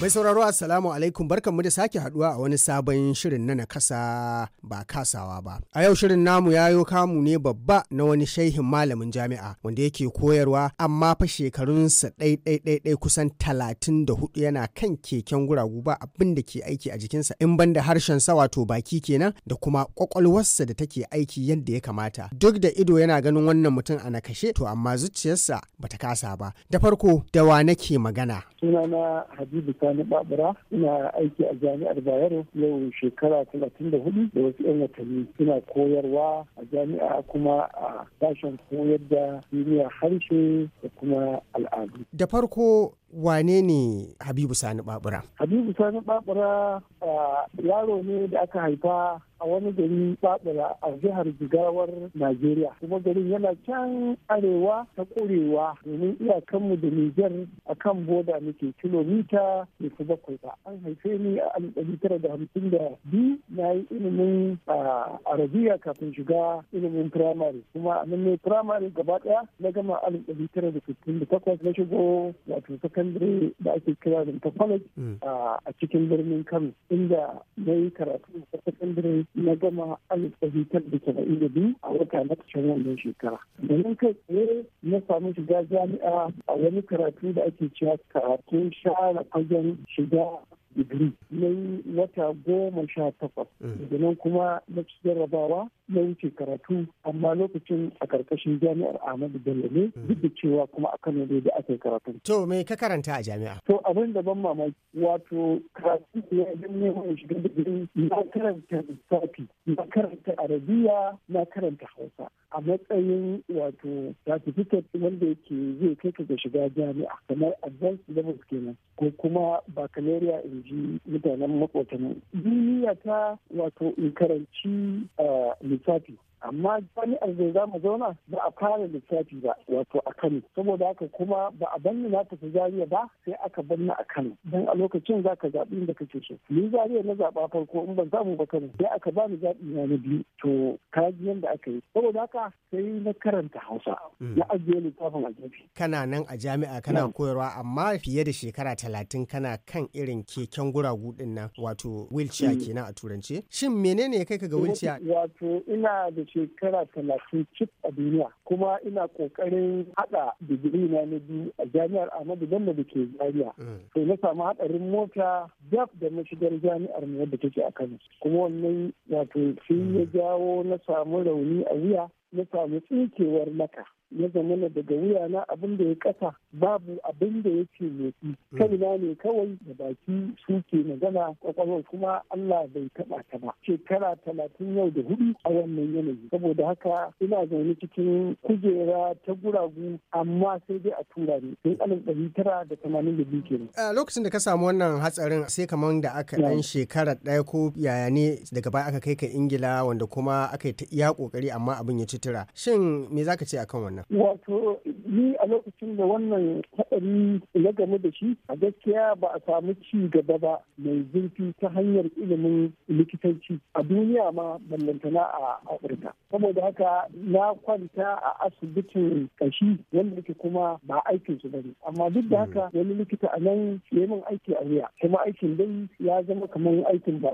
Mai sauraro Assalamu alaikum barkanmu da sake haduwa a wani sabon shirin na na kasa ba kasawa ba. A yau shirin namu ya yo kamu ne babba na wani shaihin malamin jami'a wanda yake koyarwa amma fa shekarunsa ɗai kusan talatin da hudu yana kan keken guragu ba abin da ke aiki a jikinsa in banda harshen sa wato baki kenan da kuma kwakwalwarsa da take aiki yadda ya kamata. Duk da ido yana ganin wannan mutum a nakashe to amma zuciyarsa bata kasa ba. Da farko da wa nake magana. Sunana Habibu sani babura ina aiki a jami'ar bayero yau shekara talatin da hudu da wasu yan watanni ina koyarwa a jami'a kuma a sashen koyar da duniya harshe da kuma al'adu da farko wane ne habibu sani babura habibu sani babura ah, yaro ne da aka haifa a wani gari babura a jihar jigawar najeriya kuma garin yana can arewa ta kurewa domin iyakanmu da nijar a kan boda muke kilomita ne su bakwai ba an haife ni a alif ɗari tara da hamsin da biyu na yi ilimin arabiya kafin shiga ilimin firamare kuma a nan ne firamare gaba ɗaya na gama a ɗari tara da sittin da takwas na shigo wato sakandare da ake kira da college mm. a cikin birnin kano inda na yi karatu a sakandare na gama alif ɗari da saba'in da biyu a wata na ƙarshen wannan shekara. Domin kai tsaye na samu shiga jami'a a wani karatu da ake cewa karatun share fagen shiga digiri na yi wata goma sha takwas mm. da nan kuma na ci jarrabawa na wuce karatu amma lokacin a karkashin jami'ar ahmadu bello ne mm. duk da cewa kuma a kano ne da aka yi karatu. to me ka karanta a jami'a. to abin da ban mamaki wato karatu da ya neman shiga digiri na karanta lissafi na karanta arabiya na karanta hausa. a matsayin wato certificate wanda yake zai kai ka ga shiga jami'a kamar advanced levels kenan ko kuma baccalaureate in ji mutanen makotan duniya ta wato in karanci ah, lissafi amma jami'ar zai za mu zauna ba a fara lissafi ba wato a kano saboda haka kuma ba a banni na tafi zariya ba sai aka banni a kano don a lokacin za ka zaɓi inda kake so ni zariya na zaɓa farko in ban samu ba kano sai aka bani zaɓi na na biyu to kaji yanda yadda aka yi saboda haka sai na karanta hausa mm. na ajiye littafin a gefe. kana nan a jami'a kana koyarwa amma fiye da shekara talatin kana kan irin keken guragu din nan wato wilciya mm. kenan a turance shin menene ya kai ka ga wilciya. wato ina da shekara talatin cif a duniya kuma ina kokarin haɗa digiri na na biyu a jami'ar Ahmadu Bello da ke Zariya. Mm. To na samu haɗarin mota jaf da mashigar jami'ar mu wadda take a Kano. Kuma wannan wato sai ya mm. jawo na samu rauni a wuya na samu tsinkewar laka. Na zama daga wuya na abin da ya ƙasa babu abin da yake motsi mm. kalma ne kawai da baki suke magana kwakwalwar kuma Allah bai taba ta ba shekara talatin yau da hudu a wannan yanayi saboda haka ina zaune cikin kujera ta guragu amma sai dai a tura ne alif ɗari tara da tamanin da biyu kenan. a lokacin da ka samu wannan hatsarin sai kamar da aka ɗan shekara ɗaya ko yaya ne daga baya aka kai ka ingila wanda kuma aka yi ta iya ƙoƙari amma abin ya ci tura shin me zaka ce akan wannan. wato ni a lokacin da wannan wannan haɗari ya game da shi a gaskiya ba a samu ci gaba ba mai zurfi ta hanyar ilimin likitanci a duniya ma ballantana a afirka saboda haka na kwanta a asibitin kashi wanda yake kuma ba aikin su bane amma duk da hmm. haka wani likita a nan ya min aiki a wuya kuma aikin dai ya zama kamar aikin ba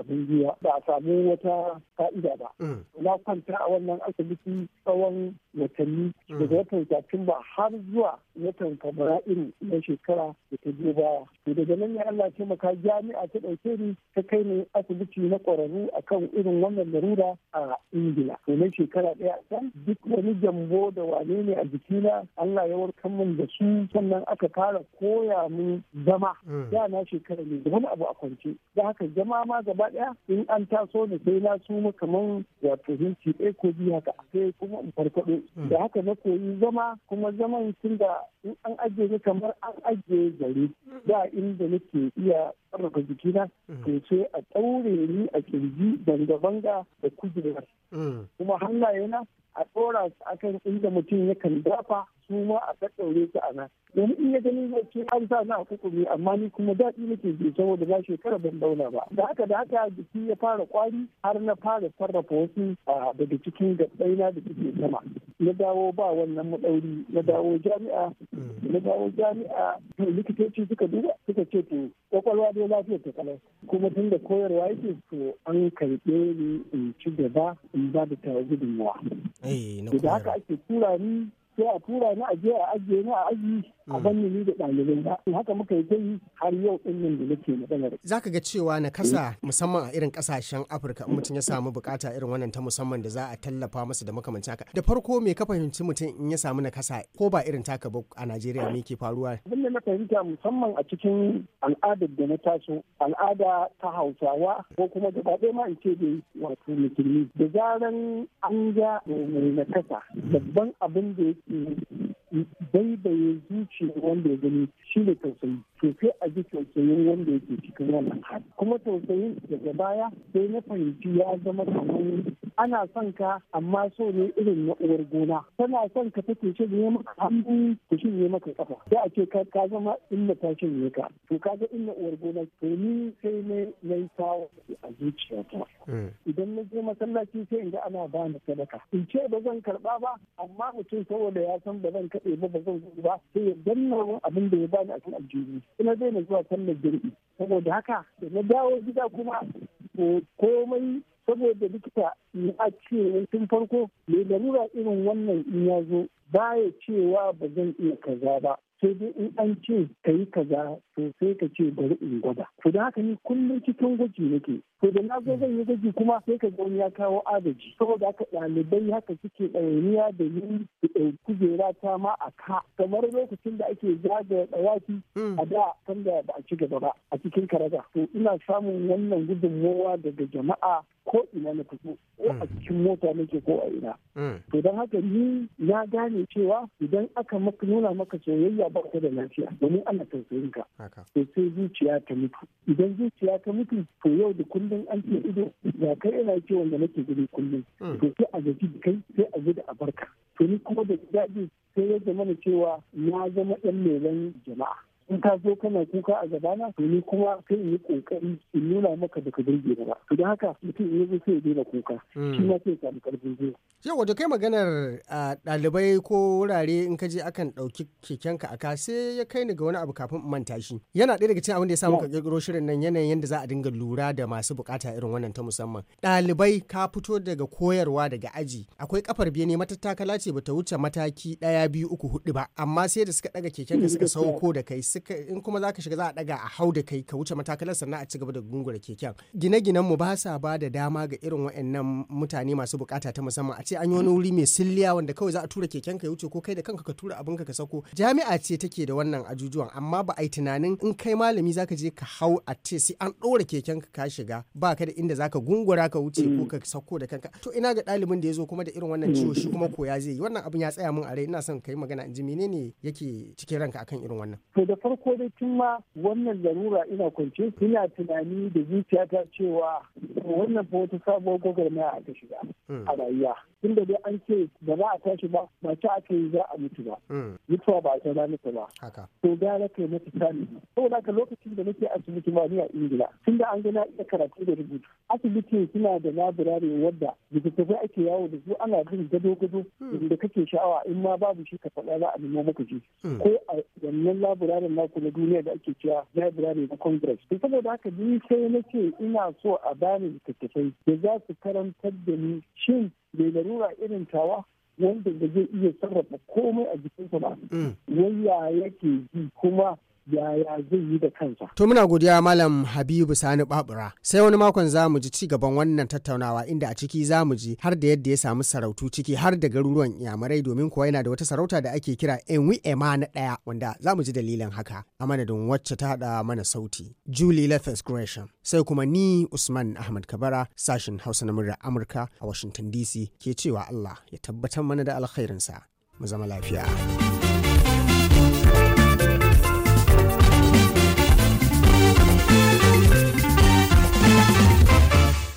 ba a samu wata fa'ida ba hmm. na kwanta a wannan asibiti tsawon watanni hmm. daga watan satumba har zuwa watan kamar ibrahim na shekara da ta je baya to daga nan ne allah maka jami'a ta ɗauke ni ta kai ni asibiti na ƙwararru kan irin wannan larura a ingila to na shekara ɗaya can duk wani jambo da wane ne a jikina allah ya warkar min da su sannan aka fara koya min zama mm. Da na shekara ne da wani abu a kwance da haka zama ma gaba ɗaya in an taso da sai na suma kamar wato hinci ɗaya ko biyu haka sai kuma in farfaɗo mm. da haka na koyi zama kuma zaman tun da in an ajiye ni kamar an ajiye gari da inda nake iya sarrafa jikina mm. to ce a ɗaure ni a kirji banga-banga da kujerar mm. kuma hannayena a tsora a kan inda mutum yakan dafa su ma a tattaure su a nan domin in ya gani zai ce an sa na a amma ni kuma daɗi nake ji saboda ba shekara ban dauna ba da haka da haka jiki ya fara kwari har na fara sarrafa wasu daga cikin gabbaina da suke sama na dawo ba wannan maɗauri na dawo jami'a mm. na dawo jami'a likitoci suka duba suka ce to kwakwalwa dai lafiyar ta kalau kuma tun da koyarwa yake to an karɓe ni in ci gaba in ba da tawa gudunmawa. Eh, da haka ake tura ni sai a tura ni a je a ajiye ni a ajiye? a mm. banni ni da ɗalibai ba in haka muka yi kai har yau din nan da nake magana za ka ga cewa na kasa musamman a irin kasashen afirka in mutum ya samu bukata irin wannan ta musamman da za a tallafa masa da makamancin haka da farko me ka fahimci mutum in ya samu na kasa ko ba irin taka ba a najeriya me ke faruwa abin da na fahimta musamman a cikin al'adar da na taso al'ada ta hausawa ko kuma gaba ɗaya ma in ce dai wato musulmi da zaran an ga mai na kasa babban abin da yake baibaye zuciyar wanda ya gani shi ne tausayi to sai a ji tausayin wanda yake cikin wannan hali kuma tausayin daga baya sai na fahimci ya zama kamar ana son ka amma so ne irin na uwar gona tana son ka take ne maka hannu shi ne maka kafa sai a ce ka zama in na tashi ne ka to ka ga na uwar gona to ni sai ne na yi sawa a zuciyata mm. idan na je masallaci sai in ga ana ba sadaka in ce ba zan karba ba amma mutum saboda ya san ba zan daɗe ba ba zan zo ba sai ya danna abin da ya bani a kan aljihu kuma zai na zuwa sallar jirgi saboda haka da na dawo gida kuma to komai saboda likita ya ce tun farko mai lalura irin wannan in ya zo baya cewa ba zan iya kaza ba sai dai in an ce ka yi kaza to sai ka ce bari in gwada to da haka ni kullum cikin gwaji nake to da na zo zan yi gwaji kuma sai ka ga ya kawo agaji saboda haka ɗalibai haka suke ɗayaniya da ni kujera ta ma a ka kamar lokacin da ake zaga ɗawaki hmm. a da kan da ba a ci gaba ba a cikin karaga to ina samun wannan gudunmowa daga jama'a ko ina na fito ko hmm. a cikin mota nake ko a ina hmm. to don haka ni na gane cewa idan aka nuna maka soyayya ba ta da lafiya domin ana tausayin ka to sai zuciya ta mutu idan zuciya ta mutu to yau da kullum an ce ido ya kai ina ce wanda nake gudun kullum hmm. to sai a gaji kai sai a gudu a barka to ni kuma da daji sai ya zama cewa na zama ɗan lelan jama'a in ka zo kana kuka a gabana to ni kuma sai in yi kokari in nuna maka da ka burge ba to da haka mutum in zo sai ya daina kuka hmm. shi ma sai ya samu karfin zuwa yau wato kai maganar ɗalibai ko wurare in ka je akan ɗauki keken ka a Sai ya kai ni ga wani abu kafin manta shi yana ɗaya daga cikin abin da ya samu ka ƙirƙiro shirin nan yanayin yadda za a dinga lura da masu bukata irin wannan ta musamman ɗalibai ka fito daga koyarwa daga aji akwai kafar biyu ne matattakala ce bata wuce mataki ɗaya biyu uku hudu ba amma sai da suka ɗaga ka suka sauko da kai suka in kuma za ka shiga za a ɗaga a hau da kai ka wuce matakalar sannan a ci gaba da gungura keken gine-ginen mu ba sa ba da dama ga irin waɗannan mutane masu bukata ta musamman a ce an yi wani wuri mai silliya wanda kawai za a tura keken ka ya wuce ko kai da kanka ka tura abin ka ka sako jami'a ce take da wannan ajujuwan amma ba a yi tunanin in kai malami zaka je ka hau a ce sai an ɗora keken ka ka shiga ba ka da inda zaka gungura ka wuce ko mm. ka sako da kanka to ina ga ɗalibin da ya zo kuma da irin wannan ciwo shi kuma mm. koya zai yi wannan abin ya tsaya min a rai ina son kai magana in ji menene yake cikin ranka akan irin wannan to da farko dai tun ma wannan larura ina kwance ina tunani da zuciyata cewa wannan fa wata sabuwar gwagwarmaya aka shiga Mm. a rayuwa tun da dai an ce ba za a tashi ba ba ta ake yi za a mutu ba mm. mutuwa ba ta ranuka ba to gara kai na tisani saboda ka lokacin da nake asibiti ba ni a ingila tun da an gina iya karatu da rubutu asibiti suna da labirare wadda littattafai ake yawo da su ana bin gado gado mm. da kake sha'awa in ma babu shi ka faɗa za a nemo maka ji ko a wannan labiraren naku na duniya da ake cewa labirare na congress to saboda haka ni sai na ce ina so a bani littattafai da za su karantar da ni shin mai larura irin tawa wanda da zai iya sarrafa komai a jikinsa ba mm. wai ya yake ji kuma yaya zai yi da kansa. To muna godiya Malam Habibu Sani Babura. Sai wani makon za mu ji ci gaban wannan tattaunawa inda a ciki za mu ji har da yadda ya samu sarautu ciki har da garuruwan Iyamarai domin kuwa yana da wata sarauta da ake kira Enwi Ema na ɗaya wanda za mu ji dalilin haka a manadin wacce ta haɗa mana sauti. Julie Lefes Gresham. Sai kuma ni Usman Ahmad Kabara sashin Hausa na murar Amurka a Washington DC ke cewa Allah ya tabbatar mana da alkhairinsa. Mu zama lafiya.